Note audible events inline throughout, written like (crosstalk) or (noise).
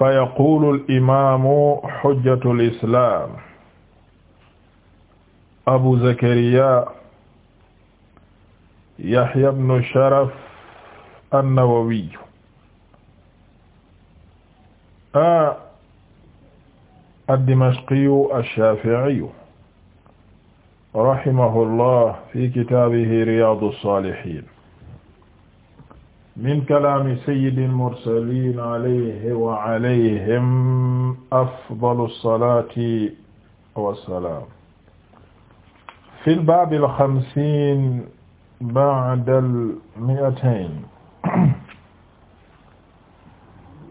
fa yaqulu al-imaamu hujjatul islaam abu zakariya yahya bnu sharaf an-nawawi ad-dimashqiyu ash-shaafi'iyu rahimahu llah fi kitaabihi riyaadu s-saalihiin min kalaami sayyidil mursaliin alayhi wa alayhim afdalu salaati wa salaam. fil baabil xamsiin ba'dal mi'atayn.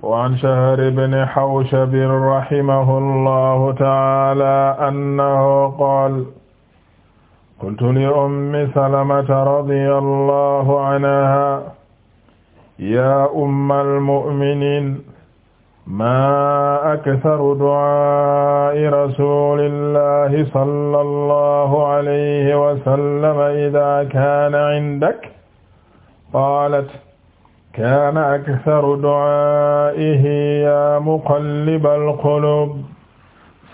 wa an Shahr ibn Hawshab rahimahullaahu ta'aalaa annahu qaala qultu li ummi Salamata radiyallaahu anhaa yaa ummal mu'miniin maa aksaru du'aa'i rasuulillaahi sallallaahu alayhi wa sallam idaa kaana 'indak qaalat kaana aksaru du'aa'ihi yaa muqallibal quluub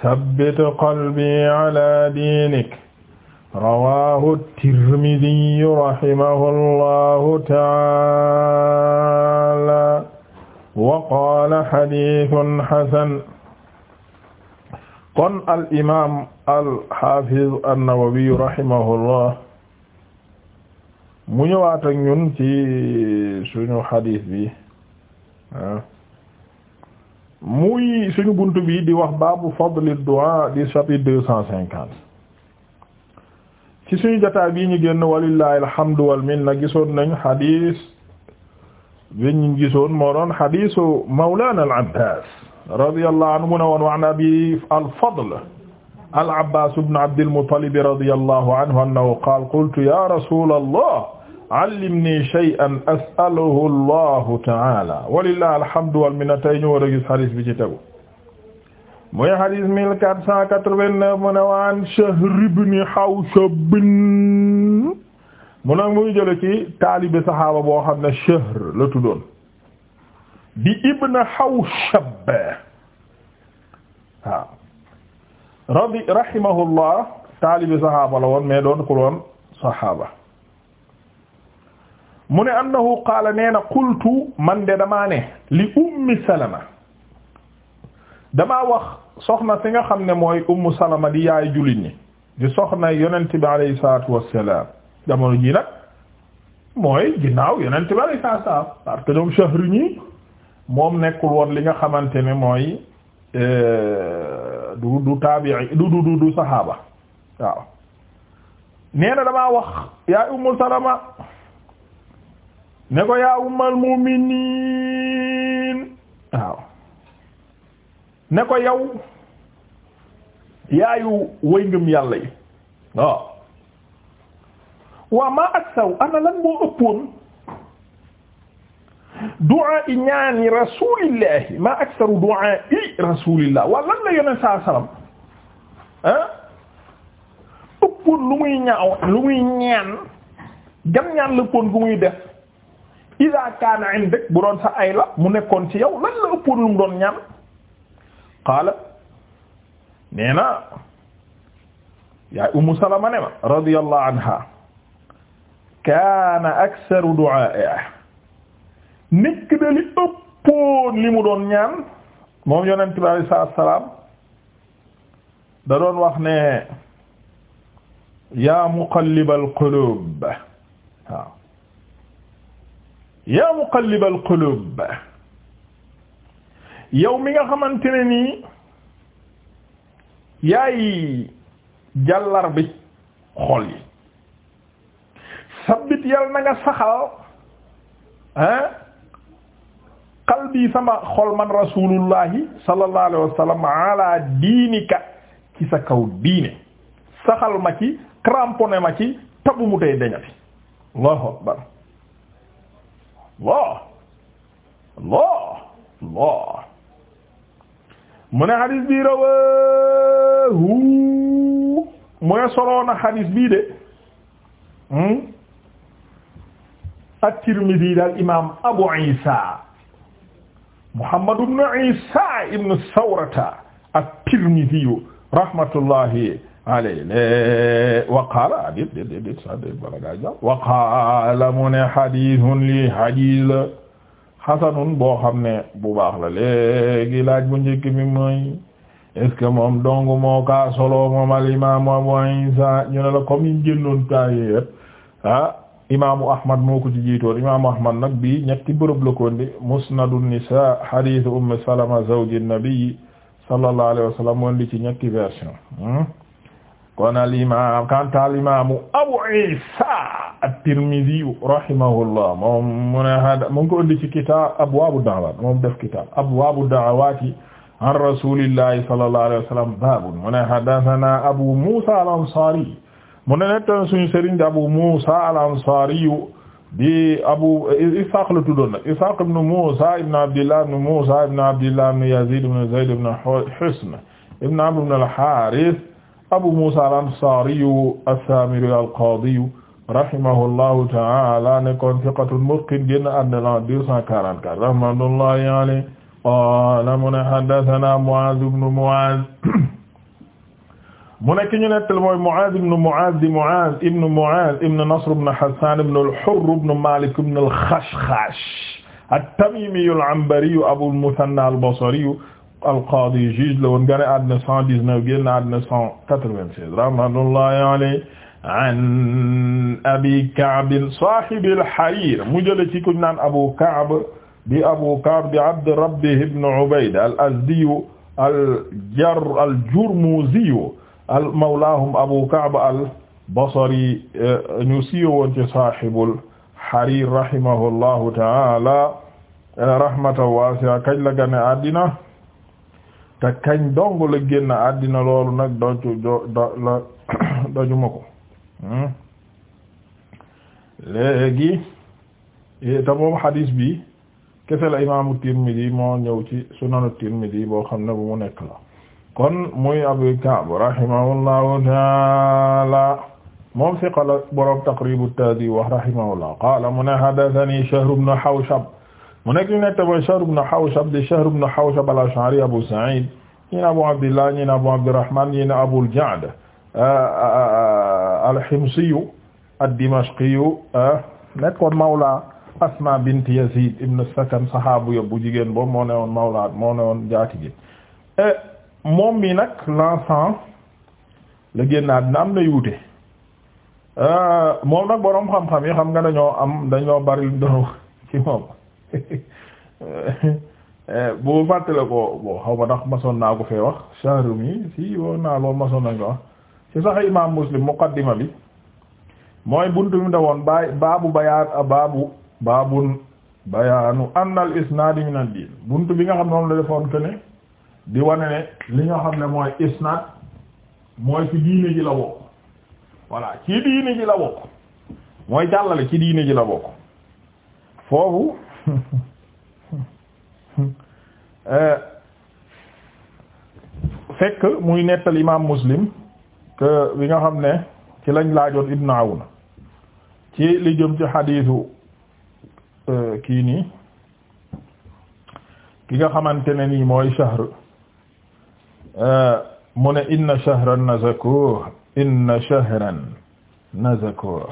sabbit qalbii 'alaa diinik rawaahu tirmidiyu rahimahullahu taala wa qaala xadiisun xasan kon al imaam al xaafiz annawawiyu rahimahullah mu ñëwaat ak ñun ci suñu xadiis bi ah, muy suñu bunt bi di wax baabu fadli du'a di chapitre deux cent cinquante ci suñu jotaay bii ñu génn walillahi alhamdu wal minna gisoon nañ xadis bi ñu gisoon moo doon xadisu mawlana al abbas radiyallahu anhu mu ne woon wa an abi al fadl al abbas ibn abd al muttalib radiyallahu anhu annahu qaala qultu ya rasulallah allimni shay'an as'aluhu allahu ta'ala walillahi alhamdu wal minna tey ñu war a gis xadis bi ci tegu muy hadis mille quatre cent quatre vingt waan Shahr ibn Hawshab mu nag muy jële ci taalibe saxaaba boo xam ne Shahr la tuddoon di ibn Hawshab waaw radi rahimahullah taalibe saxaaba la woon mais doon ku loon saxaaba mu ne annahu qaala nee na man de damaa li ummi Salama damaa wax soxna si nga xam ne mooy ummu salama di yaay jullit ñi di soxna yonent bi alayhi salaatu wassalaam jamono ji nag mooy ginnaaw yonent bi alayhi salaatu wassalaam parce li nga xamante ne mooy euh, du du taabii wax yaay ummu salama ne ko yaa ummal mu'miniin ne ko yow yaayu way ngëm yàlla yi waaw waa maa ak saw ana lan moo ëppoon du'a i ñaani rasulillahi maa aksaru du'a i rasulillah waa lan la yoneen saa salaam ah ëppoon lu muy ñaaw lu muy ñaan jam ñaan la ëppoon muy def ida kaana indak bu doon sa ay la mu nekkoon ci yow lan la ëppoon lu mu doon ñaan qaala nee na yaay ummu salama ne ma radiyallahu anha kaana aksaru du'aa'ihi nekk da li ëppoon li mu doon ñaan moom yonent bi alayhi salaatu wa salaam da doon wax ne yaa muqallibal quluub waaw yaa muqallibal quluub yow mi nga xamante ne nii yaay jàllar bi xol yi sabbit yal na nga saxal ah qalbi sama xol man rasulullahi sallallahu alayhi wa sallam diinika ci sa kaw diine saxal ma ci cramponné ma ci tabu mu tey dañati allahu akbar allah allah allah mu ne xadis bi rawahu mu ne soloona xadis bii de hmm? at-Tirmidhi daal imam Abu Isa Muhammad ibn Isa ibn Sawrata at-Tirmidhi rahmatullahi alayhi wa qaala déet déet déet déet sa déet bala ngaa jàpp wa qaala mu ne xadis li xadis xasanun boo xam ne bu baax la léegi laaj bu njëkk bi mooy est ce que moom dong moo ka solo moom al imaamu Abu Isa ñu ne la comme yiñ génnoon taa yépp ah imaamu Ahmad moo ko ci jiitoon imaamu Ahmad nag bi ñetti bërëb la ko indi musnadu nisaa hadith Umm Salama zawji nabi sallallahu alayhi wa sallam woon li ci ñetti hmm? kanta al Abu Isa at-Tirmidhi rahimahullah moom mu ne hada mu ngi ko indi ci kitaab abwaabu da'awaat moom def kitaab abwaabu da'awaati an rasuulillahi sallallahu alayhi wa sallam baabu mu ne haddathana Abu Muusa al-Ansaari mu ne nettan suñu sëriñ di Abu Muusa al-Ansaari di Abu Ishaq la tuddoon nag Ishaq ibn Muusa ibn Abdillah ibn Muusa ibn Abdillah ibn Yazid ibn Zayd ibn Hisn ibn Amr ibn al-Haarith Abu Muusa al-Ansaari as-Saamiri al-Qaadi rahimahullahu ta'ala nekkoon fiqatun mutqin génn àdduna 244 rahmatullahi alayhi qaala mu ne haddathana Mu'aaz ibn Mu'aaz mu nekk ñu nettal mooy Mu'aaz ibn Mu'aaz di Mu'aaz ibn Mu'aaz ibn Nasr ibn Hassaan ibn al-Hurr ibn Maalik ibn al-Khashkhash at-Tamiimi al-Anbari Abu al-Muthanna al-Basri al-Qaadi Juge la woon génn àdduna 119 génn àdduna 196 rahmatullahi alayhi an abi Ka'b sahibil harir mu jële ci kuñ naan Abu Ka'b di Abu Ka'b di Abd Rabbih ibn Ubayd al-Azdi al-Jar al-Jurmuzi mawlahum Abu Ka'b al-Basri eh, ñu siiw woon ci sahibul harir rahimahullahu ta'ala eh, rahmatan wasi'a kañ la gane àddina te kañ dong la génn àddina loolu nag doju la (coughs) doju ma ko Hmm? léegi eh, te moom xadiis bi kese la imaamu Tirmidi moo ñëw ci sunanu Tirmidi boo xam ne bu mu nekk la kon muy Abu Ka'b rahimahullahu taala moom siqa la boroom Taqribu Tahdhib wax rahimahullah qaala mu ne haddathani Shahr ibn Hawshab mu nekk li nekk mooy Shahr ibn Hawshab di Shahr ibn Hawshab al-Ash'ari Abu Sa'id ñi na Abu Abdillah ñi na Abu Abdurrahman ñi na Abul Ja'd al-Himsiyu ad-Dimashqiyu nekkoon mawla Asma bint Yazid ibn Sakan saxaabu ya bu jigéen boobu moo newoon mawla moo newoon jaatige eh, moom mi nag l'an la génnaat dina am na yuute eh, moom nag boroom xam-xam yi xam nga dañoo am dañoo bari lu doon ci moom eh, fàttale ko boo xaw ma ndax masoon naa ko fee wax shahrum yi si woo naa loolu masoon nañ ko wax ci sax imam muslim muqaddima bi mooy buntu mi ndawoon baay baabu bayaan baabu baabun bayaanu anna al isnaad min diin buntu bi nga xam ne moom la defoon que ne di wane ne li nga xam ne mooy isnaad mooy ci diine ji la bokk voilà ci diine ji la bokk mooy jàllale ci diine ji la bokk foofu (laughs) eh, fekk muy nettal imam muslim que bi nga xam ne ci lañ laajoon Ibn Awn ci li jëm ci xadiisu euh, kii nii ki nga xamante ne nii mooy shahr euh, mu ne inna shahran nazakuh inna shahran nazakuh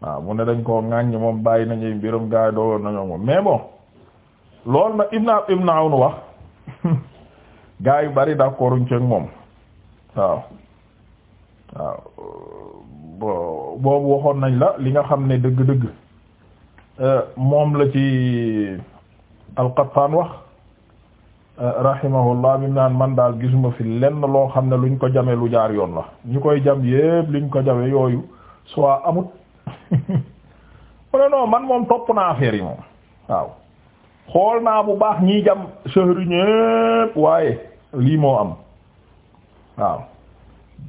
waaw mu ne dañ koo ŋàññ moom bàyyi nañuy mbirum gaa yi doogoon nañoo moom mais bon loolu na ibna wax (laughs) gaa yu bari d'accorduñ ci ak moom waaw waaw boobu waxoon nañ la li nga xam ne dëgg-dëgg euh, moom la ci al-Qattan wax euh, rahimahullah bi mu naan man daal gisuma fi lenn loo xam ne luñ ko jame lu jaar yoon la ñu koy jam yépp liñ ko jame yooyu soit amut (laughs) mu ne non man moom topp naa affaire yi moom waaw xool naa bu baax ñii jam sëhëri ñépp waaye lii moo am waaw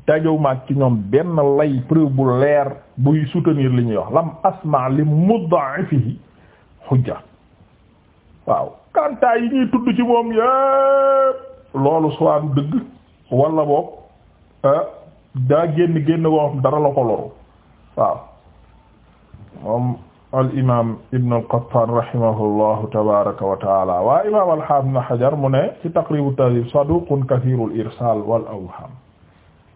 tajow ci ñoom benn lay preuve bu leer buy soutenir li ñuy wax lam asma li mudda'ifihi xujja waaw kantaay yi ñuy tudd ci moom yépp loolu soit du dëgg wala boog ah, daa génn génn woo dara la ko loru waaw moom al ibn al qattan rahimahullahu tabaraka wa taala waa imam al hafiz ibn hajar mu ne ci taqribu tahdhib saduqun kathirul irsal wal awham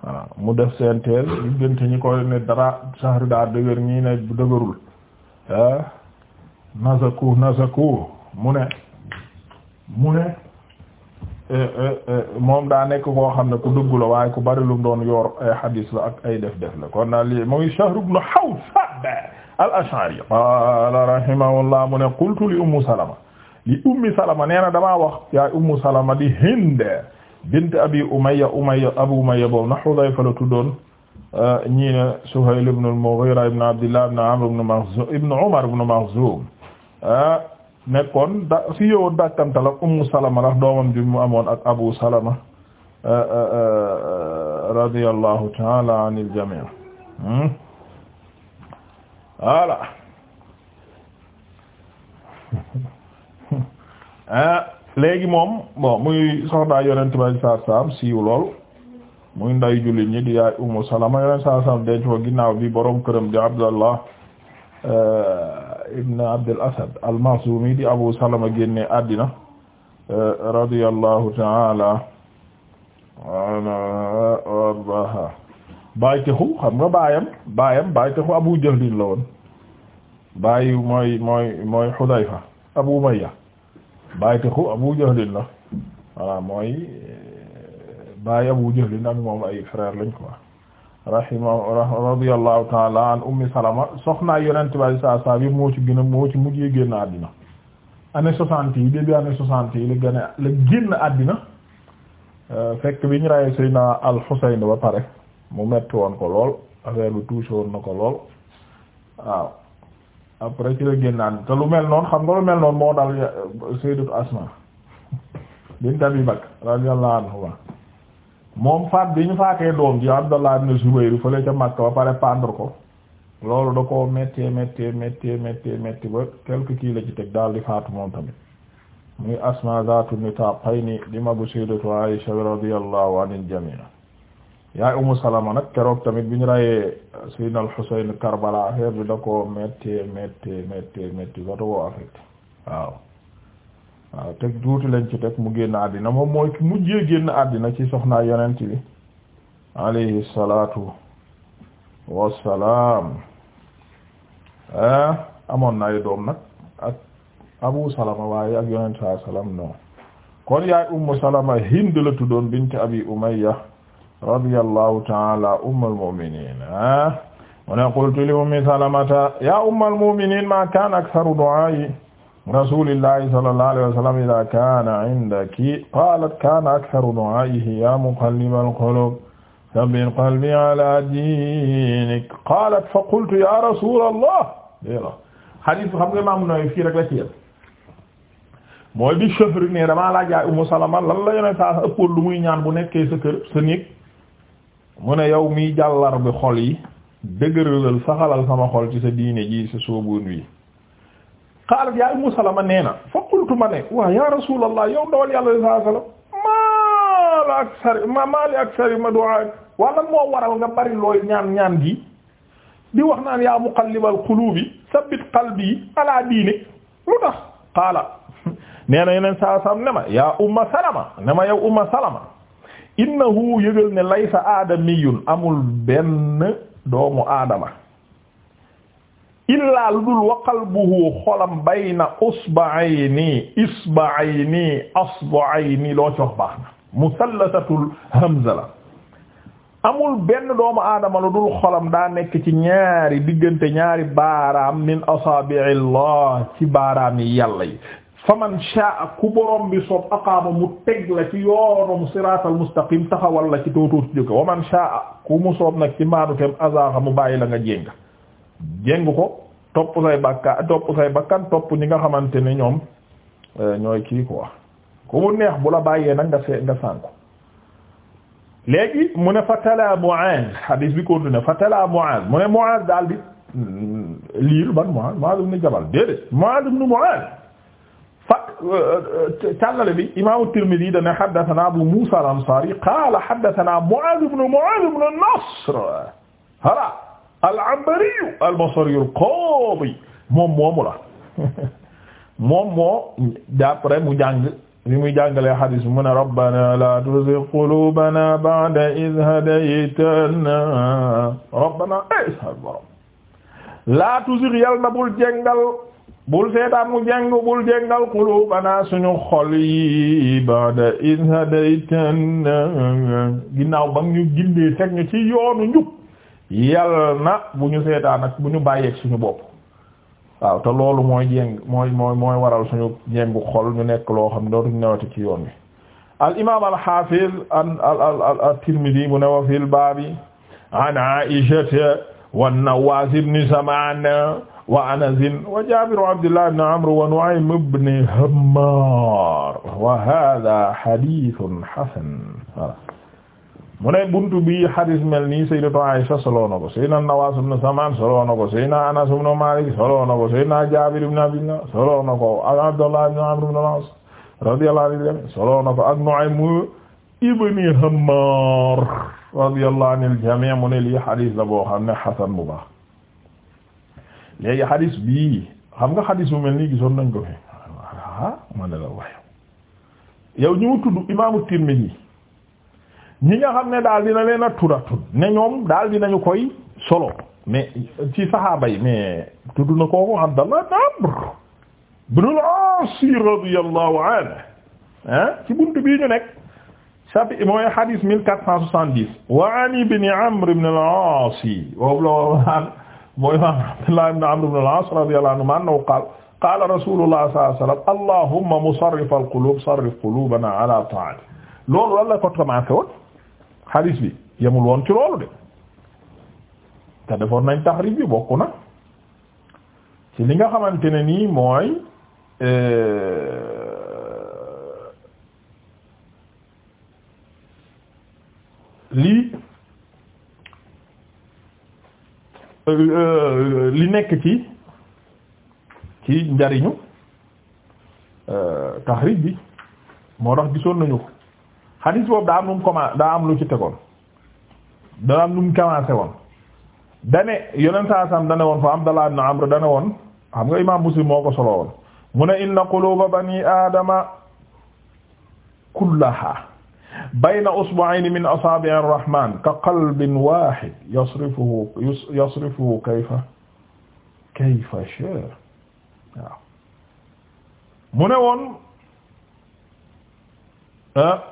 voilà mu def seen teel diggante ñi koy ne dara sahri daa dëgër ñi ne dëgërul ah, nasaku nasaku mu ne mu ne eh, eh, eh, moom daa nekk koo xam ne ku dëggu la waaye ku bari lu mu doon yor ay hadis la ak ay def-def la kon naa lii mooy Shahr ibn Hawshab al-Ash'ari qala rahimahullah mu ne qultu li ummu salama li ummi salama nee na wax yaay ummu salama di Hind bint abi umayya umayya abu umayya boobu na Hudayfa la tuddoon euh, ñii ne Suhayl ibn al-Mughira ibn Abdillah ibn Amr ibn Makhzum ibn Umar ibn Makhzum euh, nekkoon da si yowoon dàkkantal ak Ummu Salama ndax doomam bi mu amoon ak Abu Salama euh, radiyallahu ta'ala anil jami' hmm? voilà (laughs) léegi moom bon muy soxnaa yonent bi saa saam siiw lool muy nday jullit ñi di yaay Ummu Salama yonent saa saam denc ko ginnaaw bi borom këram di Abdallah eh, ibn Abdul Asad al-Makhzumi di Abu Salama génne àddina eh, radiyallahu ta'ala anha baytexu xam nga baayam baayam baytexu Abu Jahlin la woon baayu mooy mooy mooy Hudayfa Abu Umayya bàyyi taxu Abu Jahlin la voilà mooy bàyyi Abu Jahlin ak moom ay frère lañ quoi rahima radiyallahu taala an ummi salama soxnaa yonent bi saa saa bi moo ci gën a moo ci mujjee génn àddina année soixante yi début année soixante yi la gën a la génn àddina euh, fekk bi ñu rayee Seydina al-Husayn ba pare mu metti woon ko lool affaire bi touché woon na ko lool waaw après ci la génnaan te lu mel noonu xam nga lu mel noonu moo dal euh, sayyidatu Asma (laughs) bint Abi Bakr radiyallahu anha moom faat bi ñu faatee doom ji Abdallah ibn Zubayr fële ca Makka ba pare pendre ko loolu da ko méttee méttee méttee méttee métti ba quelque kii la ci teg daal di faatu moom tamit muy Asma zaatu nitaqayni di magu sayyidatu Aisha radiyallahu anil jami' yaay Umu Salama nag keroog tamit bi ñu rayee Sayyidina al-Husayn affaire bi da ko métti métti métti métti ba tawoo waaw waaw teg tuuti lañ ci teg mu génn àddina moom mooy mujjee génn àddina ci soxnaa yonent bi alayhi salaatu wassalaam eh, amoon na ay doom nag ak Abu Salama waaye ak yonent saa salaam non kon yaay Umu Salama Hind la tuddoon bint Abi Umayya radiyallahu ta'ala ummul mu'minin ah mu ne qultu li ummi salamata ya ummul mu'minin ma kana aktharu du'a'i rasulillahi sallallahu alayhi wa sallam idha kana 'indaki qalat kana aktharu du'a'ihi ya muqallibal qulub thabbit qalbi 'ala dinik qalat fa qultu ya rasulallah hadith xam nga maam nooy fii rek la ci yéen mooy bi chauffeur ne damaa laaj yaa ummu salama lan la yone sa ëppoon lu muy ñaan bu nekkee sa kër sa néeg mu ne yow miy jàllar bi xol yi dëgëralal saxalal sama xol ci sa diine ji sa soobuun wi xaalat yaa Ummu Salama nee na fa qultu ma ne waaw ya rasulallah yow dawal yàlla li saa sallam maa la ma maa li aksar moo waral nga bari looy ñaan ñaan gi di wax naan yaa muqallibal qulubi sabbit qalbi ala diinik lu tax qaala (laughs) nee na yeneen saa sallam ne ma yaa Umma Salama ne ma yow Umma Salama innahu yëgal ne laysa aadamiyun amul benn doomu aadama illaa lu dul wa qalbuhu xolam bayna usba'ayni isba'ayni asba'ayni loo cox baax na musallasatul hamza la amul benn doomu aadama lu dul xolam daa nekk ci ñaari diggante ñaari baaraam min asaabi'illah ci baaraam yi yàlla yi faman shaa ku borom bi soob aqaama mu teg la ci yoonum siraatal mustaqim taxawal la ci tootoor ci jóge wa man shaa ku mu soob nag ci maanu tem azaaxa mu bàyyi la nga jéng jéng ko topp say bakka topp ñi nga xamante ne ñoom euh, ñooy kii quoi ku mu neex bu la bàyyee nag nga see nga mu ne fa tala Mu'aaz hadis bi continue mu ne daal di mm, liir ban Mu'aaz Mu'aaz ibn Jabal déedéet Mu'aaz ibn Mu'aaz fa càllale euh, euh, euh, bi imaamu Tirmidi dane haddathana Abu Musa al-Ansari qala haddathana Mu'adh ibn Mu'adh ibn Nasr hala al-Anbari al-Basri al-Qadi moom moomu la (laughs) moom moo d'après mu jàng li muy jàngalee hadis mu ne rabbana la tuzigh qulubana ba'da idh hadaytana rabbana eh, la tuzigh yàlla na bul jàngal bul seetaan mu jeng bul jengal qulubana suñu xol yi ba'da iz hadaytana ginnaaw ba ñu gindee teg ñu ci yoonu njub yal na bu ñu seetaan ak bu ñu bàyyeeg suñu bopp waaw te loolu mooy jeng mooy mooy mooy waral suñu jengu xol ñu nekk loo xam dootuñu newati ci yoon wi al imaam al haafiz al al al al tirmidi bu ne wa fil baabi an aishata wan nawaas ibn wa anasin wa jabiru abdillah ibne amr wa nuaym ibne hammar wa hada hadithun hasan voilà mu ne buntu bi hadis mel nii sayyidatu Aisha solo na ko sayyidina Nawaas ibn Samaan solo na ko sayyidina Anas ibn Maalik solo na ko sayyidina Jaabir ibn Abdillah solo na ko ak Abdullah ibn Amr ibn al-As radiyallahu anhu solo na ko ak Nuaym ibne Hammar radiyallahu anil jamii' mu ne lii hadis la boo xam ne hasan bu baax léegi xadis bi xam nga xadis mu mel nii gisoon nañ ko fi ah ne la waaye yow ñu mu tudd imaamu Tirmidhi ñi nga xam ne daal dina leen a tudd a tudd ne ñoom daal dinañu koy solo mais ci saxaaba yi mais tudd na kooku Abdallah ibn Amr ibn al-As radiyallahu ah, ci buntu bii ñu nekk chapitre mooy xadis 1470 wa an ibn Amr ibn al-As mooy imaam Abdullah ibn Amr ibn al-As radiyallahu anhu annahu qaala qaala rasulullah sallallahu alayhi wa sallam allahumma musarrif al-qulub sarrif qulubana ala ta'atik loolu lan la ko commencé woon hadith bi yemul woon ci loolu de te defoon nañ taxrib bi bokk na ci li nga xamante ne nii mooy euh, lii Euh, euh, li nekk ci ci njariñu euh, taxrij bi moo tax gisoon nañu ko xadiis boobu daa am lu mu daa am lu ci tegoon daa am lu mu commencé woon dane yonent saa sam dane woon fa Abdallah ibn Amr dane woon xam nga imaam Muslim moo ko solo woon mu ne inna quluba bani aadama kullaha bayna usbu'ayni min asaabi'i ar-rahmaan ka qalbin waahid yasrifuhu yasrifuhu kayfa kayfa shaa waaw mu ne woon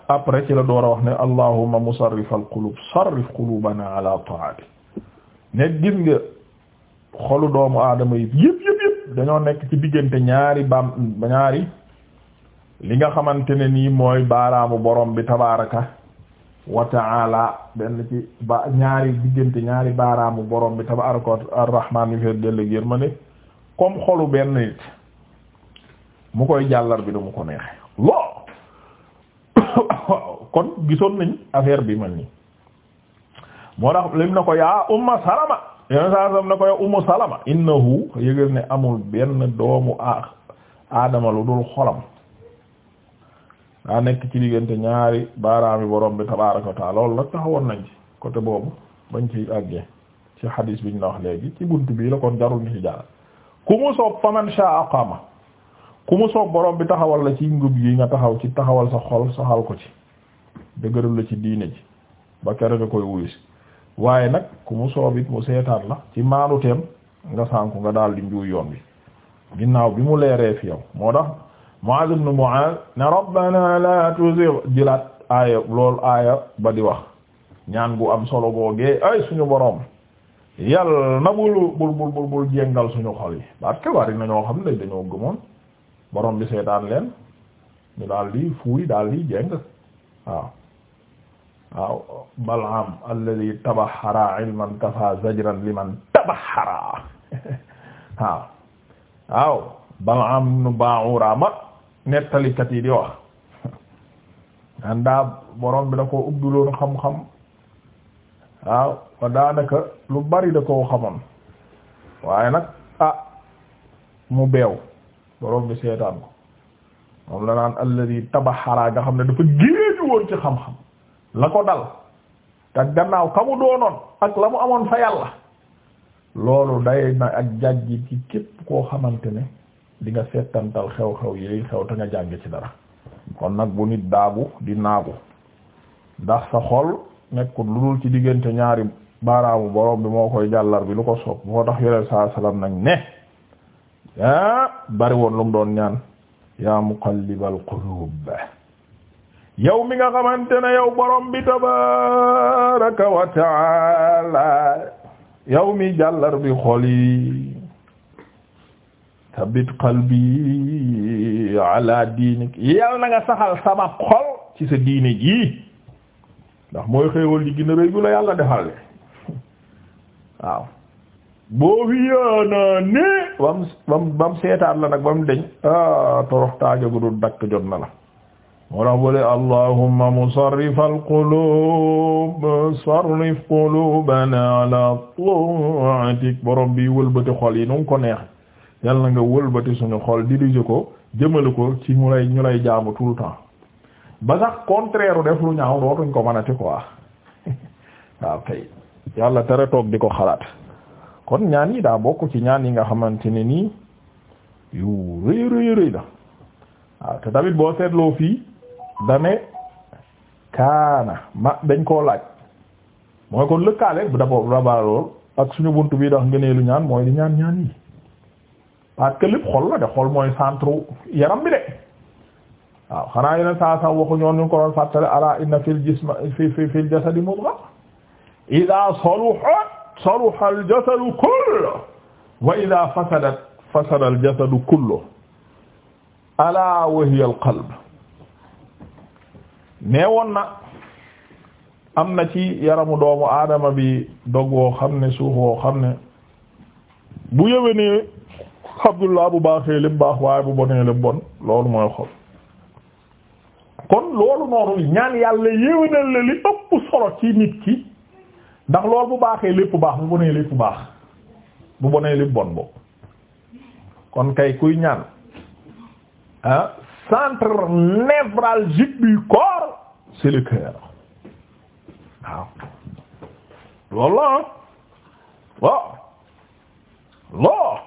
après ci la door a wax ne allahumma musarrif al-quluub sarrif quluubanaa alaa ta'aatik ne gis nga xolu doomu aadama yi yëpp yëpp yëpp dañoo nekk ci diggante ñaari baam ñaari li nga xamante ne nii mooy baaraamu borom bi tabaaraka wa taala benn ci ba ñaari diggante ñaari baaraamu borom bi tabaraka arrahman mi feet dell gér ma ne comme xolu benn nit mu koy jàllar bi du mu ko neexe waaw (coughs) kon gisoon nañ affaire bi man nii moo tax lim na ko yaa umma salama yeneen saa sam na ko yaa umma salama innahu yëgal ne amul benn doomu a aadama lu dul xolam daa nekk ci diggante ñaari baaraami borom bi tabaaraka wa loolu nag taxawoon nañ ci côté boobu bañ ci àggee ci xadiis bi ñu la wax léegi ci bunt bii la kon jarul ñu ci jaar ku mu soob faman borom bi taxawal la ci ngub yi nga taxaw ci taxawal sa xol saxal ko ci dëgëral la ci diine ji ba kere nga koy wuyu waaye nag ku mu soob it mu seetaan la ci maanuteem nga sànku nga daal di njuuy yoon bi ginnaaw bi mu leeree fi yow moo tax Muaz ibn Muaz ne rabbana la tuzigh jilaat aaya loolu aaya ba di wax ñaan gu am solo googee ay suñu borom yàlla na bul bul bul bul suñu xol yi parce que bari na ñoo xam ne dañoo gëmoon borom bi seetaan leen ñu daal di fuuy daal di jéng waaw waaw Balaam alladhi tabaxara ilman kafa zajran liman tabaxara (laughs) waaw waaw Balaam ibn Ba'ura nettalikat yi di wax àndaa borom bi da koo ubbiloon xam-xam waaw ba daanaka lu bari da koo xamoon waaye nag ah mu beew boroom bi seetaan ko moom la naan alladi tabaxaraa nga xam ne dafa géeju woon ci xam-xam la ko dal te gannaaw ka mu doonoon ak la mu amoon fa yàlla loolu day na ak jàjji ci képp koo xamante ne di nga settantal xew-xew yi xew te nga jàng ci dara kon nag bu nit daagu di naagu ndax sa xol nekkul lu dul ci diggante ñaari baaraamu borom bi moo koy jàllar bi lu ko soob moo tax yore saa salaam nag ne ah, bari woon lu mu doon ñaan yaa muqallibal qulub yow mi nga xamante ne yow borom bi tabaraka wa taala yow mi jàllar bi xol sabit qalbi ala diinik yal na saxal sama xol ci sa diine ji ndax mooy xéewal ji gën a rëy gu la yàlla defal le waaw boo fiyaana ne bam bam bam seetaat la nag bam deñ a ah, torox taage gu dul dakk jot na la moo tax bole allahumma musarrif alqulub sarrif qulubana ala ta'atik borom bi wëlbati xol yi nu ko neex yal na nga wëlbati suñu xol diriger ko jëmale ko ci ñu lay ñu lay jaamu tout le temps ba sax contraire def lu ñaaw dootuñ ko mënati quoi (laughs) waaw kay yàlla tere toog di ko xalaat kon ñaan yi daa bokk ci ñaan yi nga xamante ne nii yu rëy rëy rëy la waaw te tamit boo seetloo fii dane kaana ma dañ koo laaj mooy kon lëkkaale bu dabo dabaalool ak suñu bunt bi dax lu ñaan mooy di ñaan ñaan yi parce que lépp xol la de xol mooy centre yaram bi de waaw xanaa yeneen saa saa waxu ñoon ñu ko doon fàttale ala inna fil jism fi fi fil jasadi mudgha ida saluha saluha al na am na ci yaramu doomu aadama bi dog woo xam ne suuf woo xam ne bu yëwee Abdullah bu baaxee lépp baax waaye bu bonee lépp bon loolu mooy xol kon loolu noonu ñaan yàlla yéwénal la li ëpp solo ci nit ki ndax loolu bu baaxee lépp baax bu bonee lépp baax bu bonee lépp bon boobu kon kay kuy ñaan ah centre névralgique du corps c'est le cœur loolu la ah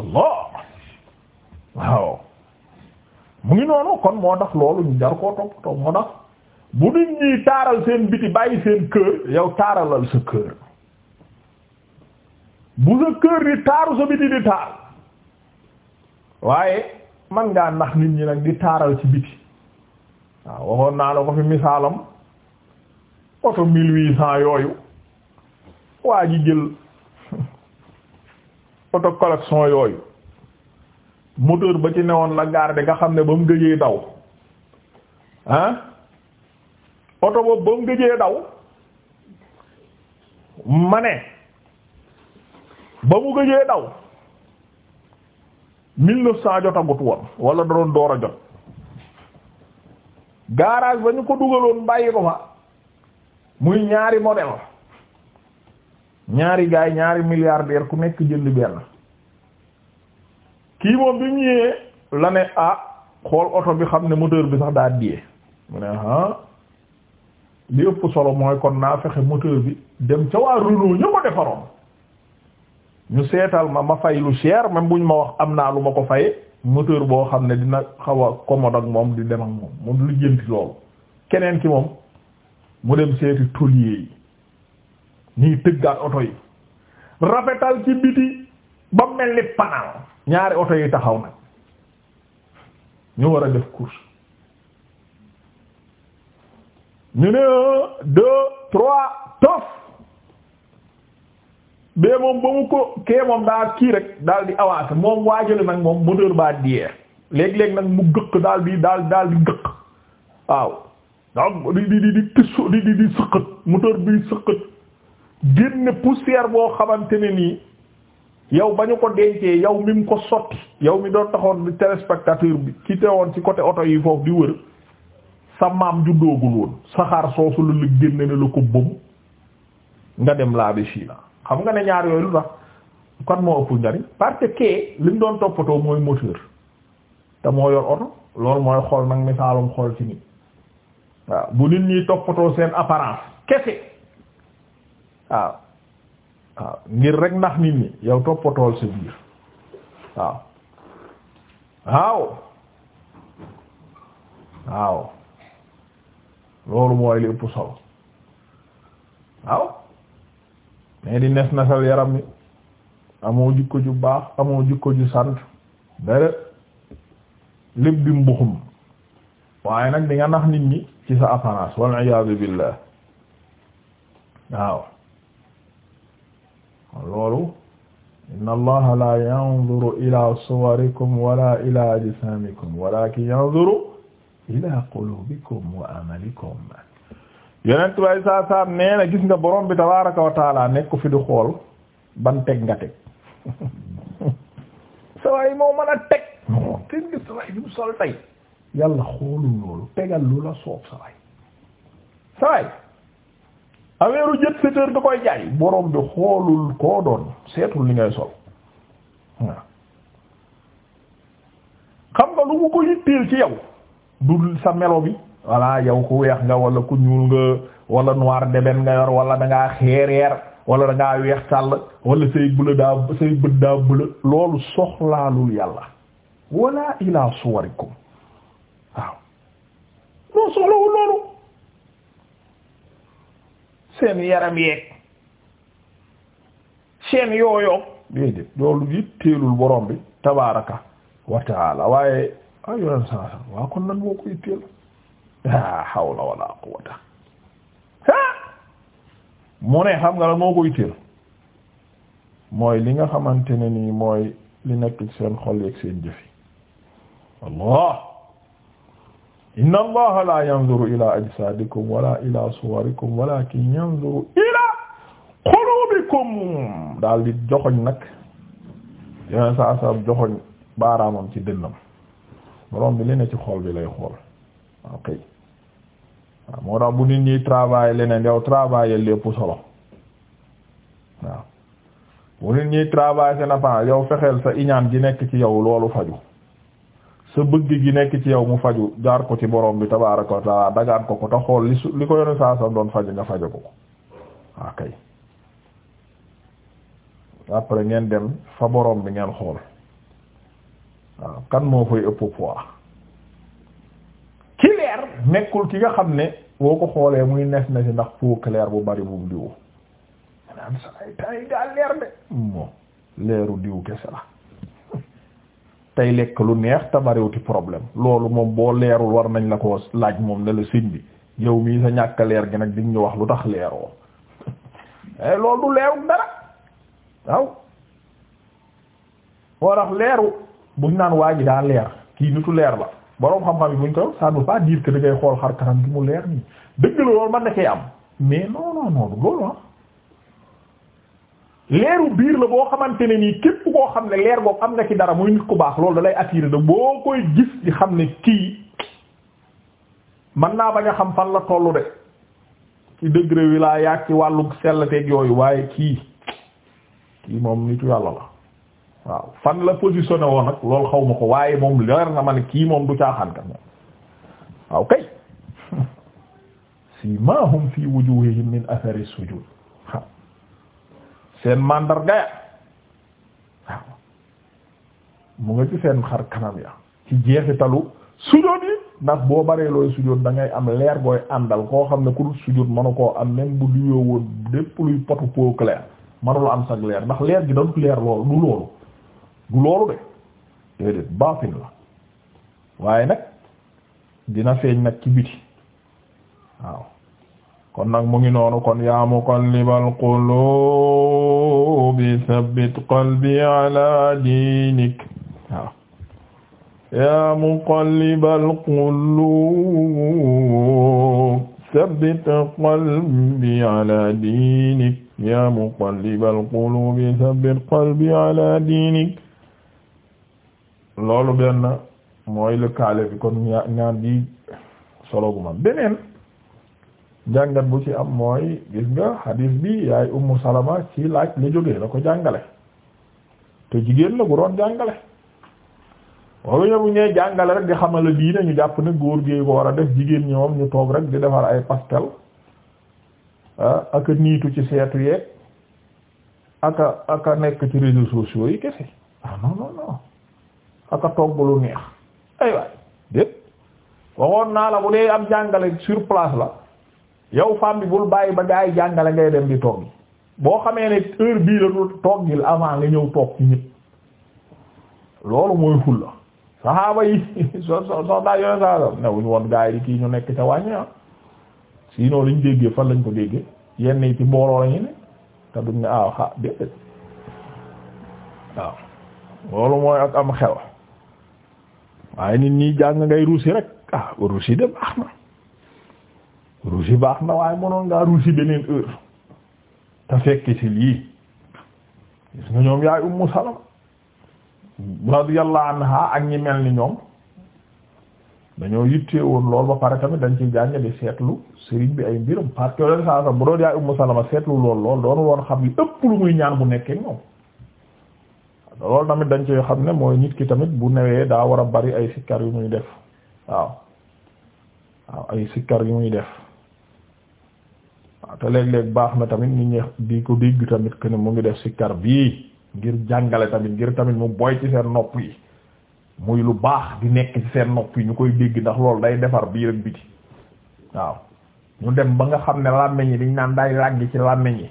Allah waaw mu ngi noonu kon moo tax loolu ñu jar koo topp topp moo tax bu nit ñi taaral seen biti bàyyi seen kër yow taaralal sa kër bu sa kër di taaru sa biti di taar waaye man ngaa nax nit ñi nag di taaral ci biti waaw waxoon naa la ko fi misaalam oto mille huit yooyu waa ji jël oto collection yooyu moteur ba ci ne newoon la garde nga xam ne ba mu gëjee daw ah oto boobu ba mu gëjee daw ma ne ba mu gëjee daw mille neuf cent jotagut woon wala da doon door a jot garage ba ñu ko dugaloon bàyyi ko muy ñaari modèle ñaari gaay ñaari milliardaire ku nekk jënd benn kii moom bi mu la ne ah xool oto bi xam ne moteur bi sax daa diyee ah, li ëpp solo mooy kon naa fexe moteur bi dem ca waa Renault ñu seetal ma ma fay lu cher même buñ ma wax am naa lu ma ko faye moteur boo xam ne dina xaw a commode ak moom di dem moom mu lu jënti loolu keneen ki moom mu dem seeti tôlier yi ñuy tëggaat oto yi rafetal ci biti ba mel ni panal ñaari oto yi taxaw nag ñu war a def course ñu deux trois tof bee moom ba mu ko kee moom daal kii rek daal di avance moom waajale nag moom moteur baa diyee léeg-léeg nag mu gëq daal di daal daal di gëq waaw di di di di di di di sëqët moteur bi sëqët génn poussière boo xamante ne nii yow ba ñu ko dencee yow mi ko sotti yow mi doon taxoon téléspectateur bi ci teewoon ci côté oto yi foofu di wër sa maam juddoogul woon saxaar soosu la lu génne na la ko bëmu nga dem laabi siina xam nga ne ñaar yooyu lu tax kon moo ëpp njariñ parce que kee li mu doon toppatoo mooy moteur te moo yor oto loolu mooy xool nag misaalum xool ci nit waaw bu nit ñi toppatoo seen apparence kese waaw waaw ngir rek nax nit ñi yow toppatool sa biir waaw waaw waaw loolu mooy li ëpp solo waaw mais di nes nasal yaram mi amoo jikko ju baax amoo jikko ju sant dara lépp bi mbuxum waaye nag di nga nax nit ñi ci sa apparence wal iyaazu billah waaw loolu inna allaha la yanzuru ila suwarikum wala ila ajsamikum walakin yanzuru ila qulubikum wa amalikum yonent way saa saa nee na gis nga borom bi tabaraka wa taala nekk fi di xool ban teg nga teg (laughs) sawaay moo mën a teg non teg loolu tegal lu la soob sawaay sawaay aweeru jet seteur da koy jaay borom bi xoolul koo doon seetul li ngay sol waaw xam nga lu mu ko yitteel ci yow du sa melo bi walla yow ku weex nga wala ku ñuul nga wala noir deben nga yor wala da xeereer wala da weex sàll walla say bëla daa say bët daa bëla loolu soxlaalul yàlla wala ila suwarikum waaw loo soxlawul loolu seen yaram yeeg seen yooyoog déedéet loolu yitteelul borom bi tabaraka wa taala waaye a yonen saa san waa kon nan moo ko yitteel la hawla wala quwwata mu ne xam nga la moo ko yitteel mooy li nga xamante ne nii mooy li nekk seen xol yeeg seen jëfi Allah inna allaha la yanzuru ila ajsadikum wala ila suwarikum walakin yanzuru ila qulubikum daal di joxoñ nag yeneen saa saa joxoñ baaraamam ci dënnam borom bi li ci xol bi lay xool ok waaw moo tax bu nit ñi travail leneen yow travail lépp solo waaw bu nit ñi travail seen apparence yow fexeel sa iñaan gi nekk ci yow loolu faju sa bëgg gi nekk ci yow mu faju jaar ko ci borom bi tabaaraka wa taala dagaan ko ko te xool li su li ko yone saa sam doon faj nga faje ko ko waa ah, kay après ngeen dem fa borom bi ngeen xool waaw ah, kan moo fay ëpp poids ki nekkul ki nga xam ne boo ko xoolee muy nes na si ndax foo clair bu bari bu diwu naan sa ay leeru diw kese la tey lekk lu neex tamariwuti problème loolu moom boo leerul war nañ la ko laaj moom ne la sëñ bi yow mii sa ñàkk leer gi nag di ñu wax lu tax leeroo (laughs) eh, loolu du leeru dara waaw moo tax leeru buñ naan waa ji daa leer kii nitu leer la boroom xam-xam yi buñ ko ça ne veut pas dire que da xool xar kanam gi mu leer nii dëgg la loolu man na am mais non loolu ah leeru biir la boo xamante ne nii képp koo xam ne leer boobu am na ci dara muy nit ku baax loolu da lay attiré da boo koy gis di xam ne kii mën naa bañ a xam fan la tollu de ci degré wi ci wàllu selleteeg yooyu waaye kii kii moom nitu yàlla la waaw fan la positionné woon nag loolu xaw ma ko waaye moom leer na ma kii moom du caaxaan kat moom waaw kay (laughs) simaahum fi wujuhihim min athari sujud seen mandarga waaw mu nga ci seen xar kanam ya ci jeexitalu sujjóot yi ndax boo baree looy sujjóot da ngay am leer booy àndal koo xam ne ku dul sujjóot manu koo am même bu duyoo woon lépp luy potu po clair manula am sag leer ndax leer gi da leer loolu du loolu du loolu de déedéet baatin la waaye nag dina seeñ nag ci biti waaw kon nag mu ngi noonu kon yaa muqallibal quluubi sabbit qalbi ala diinik waaw yaa muqallibal quluub sabbit qalbi ala diinik yaa muqallibal quluubi sabbit qalbi ala diinik loolu benn mooy lëkkaale bi kon ñaan di solo gu ma beneen jàngat bu ci am mooy gis nga hadis bi yaay ummu salama ci laaj la jógee la ko jàngale te jigéen la bu doon jàngale wala ñoom bu ñee jàngale rek di xamal la diine ñu jàpp ne góor gee ko war a def jigéen ñi moom ñu toog rek di defar ay pastel ah, ak a niitu ci seetu yeeg ak a ak nekk ci réseaux sociaux yi kese ah non non non neex ay waay déet waxoon naa la bu dee am jàngale sur place la yow femme bi bul bàyyi ba gaa yi jàngale ngay dem di togg boo xamee ne heure bii la toggil avant nga ñëw toog ci ñëpp loolu mooy xul la saxaaba yi so so soxnaa yone saxaaba newuñu woon gaa yi di kii ñu nekk ca wàññi ah sinon liñ déggee fan lañ ko déggee yenn yi ci mbooloo lañu ne te duñ ne xa ah, déedéet waaw loolu mooy ak am xel waaye nit ñi jàng ngay ruusi rek ah ruusi de baax na rougi baax na waaye mënoon ngaa rougi beneen heure te fekk ci lii gis nga ñoom yaay ummu salama radiyallahu anha ak ñi mel ni ñoom dañoo yittee woon lool ba pare tamit dañ ci jàng di seetlu sëriñ bi ay mbirum parce que leen saa bu doon yaay ummu salama seetlu lool lool doon woon xam li ëpp lu muy ñaan bu nekkee ñoom loolu tamit dañ ci xam ne mooy nit ki tamit bu newee daa war a bari ay sikkar yu muy def waaw waaw ay sikkar yu muy def waaw te léeg-léeg baax na tamit nit ñi di ko dégg tamit que ne mu ngi def sikkar bii ngir jàngale tamit ngir tamit mu boy ci seen nopp yi muy lu baax di nekk ci seen nopp yi ñu koy dégg ndax loolu day defar biir ak biti waaw ñu dem ba nga xam ne làmmiñ yi dañ naan day làgg ci làmmiñ yi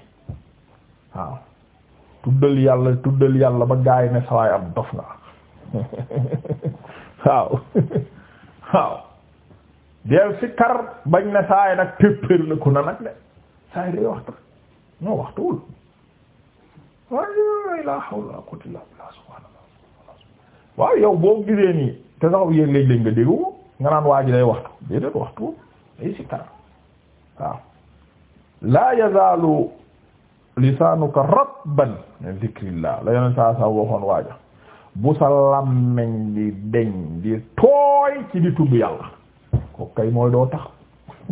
waaw tuddal yàlla tuddal yàlla ba gaay ne sawaay am dof nga (laughs) waaw (laughs) waaw deel sikkar bañ ne saay nag téppéer ku na nag de saa yi day waxtu ñoo waxtuwul waaye la hawla wala quwwata illa billah subhanallah waaw yow boo gisee nii te sax yéeg léeg-léeg nga dégg nga naan waa ji day waxtu déedéet waxtu day si kar waaw laa yazaalu lisaanuka ratban min dhikrillah la yeneen saa saa waxoon waaja bu sa làmmeñ di deñ di tooy ci di tudd yàlla ko mooy doo tax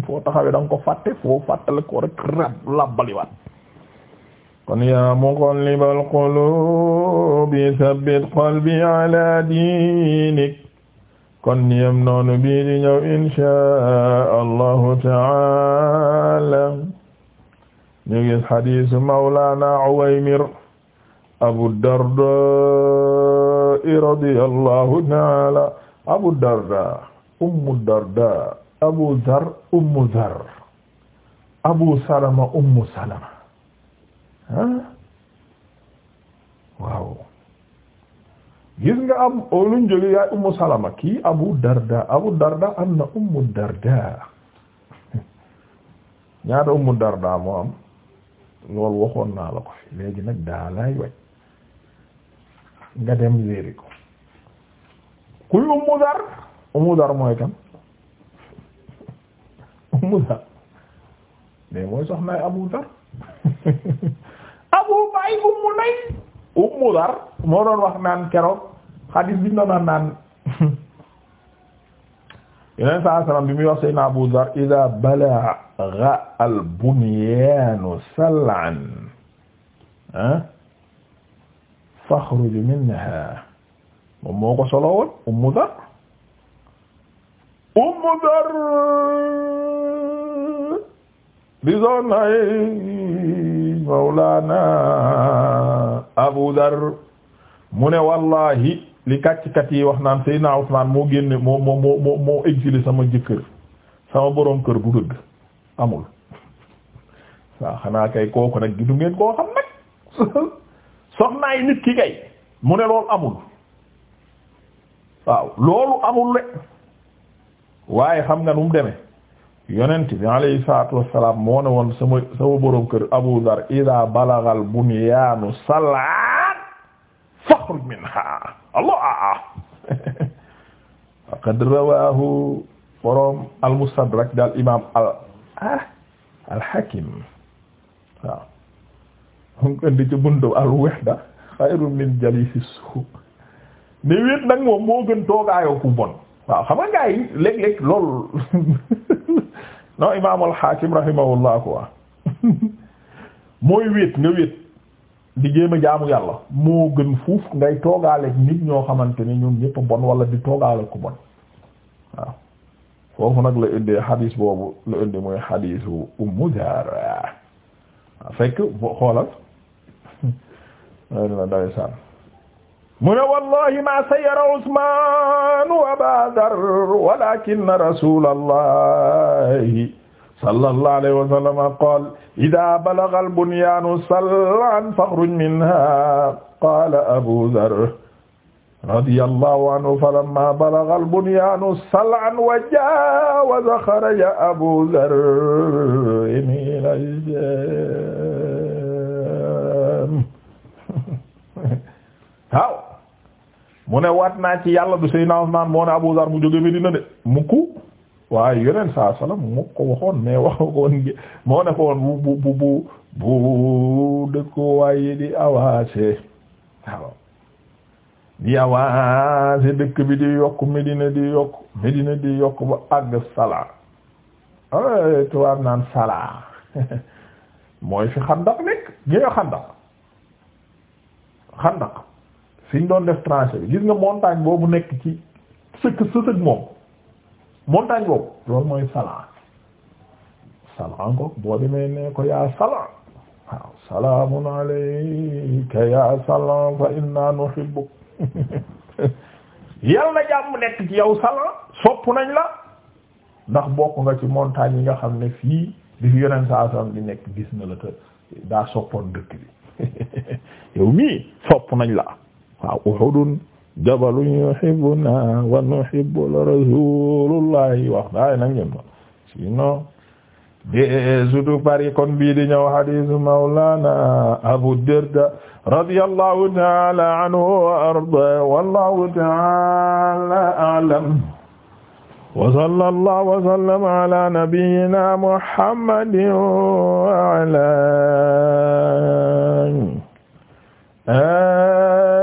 foo taxawee da nga ko fàtte foo fàttale ko rek rab labbaliwaat kon yaa muqallibal qulubi thabbit qalbi ala dinik kon niyam noonu bii di ñëw inshaa allahu taala ñu gis hadiisu mawlaana Uwaymir Abu Dardaa radiyallahu taala Abu Dardaa Ummu Dardaa abu dhar ummu dhar abu salama ummu salama ah waaw gis nga am oluñ oh, jóge yaay ummu salama kii abu darda abu darda am na ummu darda (laughs) ñaata ummu darda moo am loolu waxoon naa la ko fi nag daa lay nga dem wéeri ko kuy ummu dar ummu dar mooy kan Ummu Dar mais mooy soxnaay Abu umm umm wax naan keroog xadiis bi ñu doon naan yeneen saa bi muy wax Seydina Abu Dar idaa balagha al-bunyaanu sal'an ah, faxruj minhaa moom umm Dar Ummu Dar bisonay mawlana Abu Dar mu ne wallahi li kàccikat yi wax naan Seydina Usmaan moo génne moo moo moo moo exilé sama jëkkër sama boroom kër du dëgg amul waaw xanaa kay kooku nag gidu ngeen koo xam nag soxnaay nit ki kay mu ne lool amul waaw loolu amul le waaye xam nga nu mu demee yonent bi alayhi salaatu wassalaam moo ne woon sama sama borom kër Abu Dar idaa balagal bunyaanu salaan faxruj minhaa Allah faqad ah, ah. (laughs) rawaahu borom al-Mustadrak daal imaam al ah al-Hakim waaw mu ngi indi ci buntu al-wahda xayrun min jaliisi suu ne wéet nag moom moo gën toogaayoo ku bon waaw xam nga gars yi léeg (laughs) non imaamul Haakim rahimahullah quoi mooy wéet nga wéet di jéem a jaamu yàlla moo gën fuuf ngay toogaaleeg nit ñoo xamante ni ñoom ñëpp bon wala di toogaaleeg ku bon waaw foofu nag la indee xadiis boobu la indi mooy xadiisu Ummu Daara fekk boo xoolal la (laughs) day saan mu ne wallahi ma sayyara Usmaan wa Abaa Dar walaakinna rasuulallahi sallallahu alayhi wa sallam qaala idaa balagha al-bunyaanu sal'an fakhruj minhaa qaala Abuu Dar radiyallahu anhu falammaa balagha al-bunyaanu sal'an wa jaawaza kharaja Abuu Dar ilal jaam (laughs) waaw mu ne waat naa ci yàlla du Seydina Usmaan moo ne Abu Zar mu jóge Medina de mukk waaye yeneen saa salaam mu ko waxoon mais wax ko woon moo ne ko woon bu bu bu bu waaye di avancé waaw di avancé dëkk bi di yokk Medina di yokk Medina di yokk ba àgg sala a eh, tubaab naan sala (laughs) mooy fi xandak nekk gi xandak xandak fi ñu doon def tranché bi gis nga montagne boobu nekk ci sëkk sësëg moom montagne boobu loolu mooy salaan salaan ko boo demee ne ko yaa salaan salaamun alayka yaa salaan fa inna nuhibbuk (laughs) yal na jàmm nekk ci yow salaan sopp nañ la ndax bokk nga ci montagne yi nga xam ne fii di fi yeneen saa saam di nekk gis na la te daa soppoon dëkk bi (laughs) yow mii sopp nañ laa waaw uhudun jabalun yuhibbuna wa nuhibbu rasulullahi wax daay nag ñun sinon desutu pari kon bii di ñëw hadisu mawlana abu darda radiyallahu ta'ala anhu wa arda wallahu ta'ala a'lam wa sallallahu wa sallama ala nabiyyina muhammadin wa ala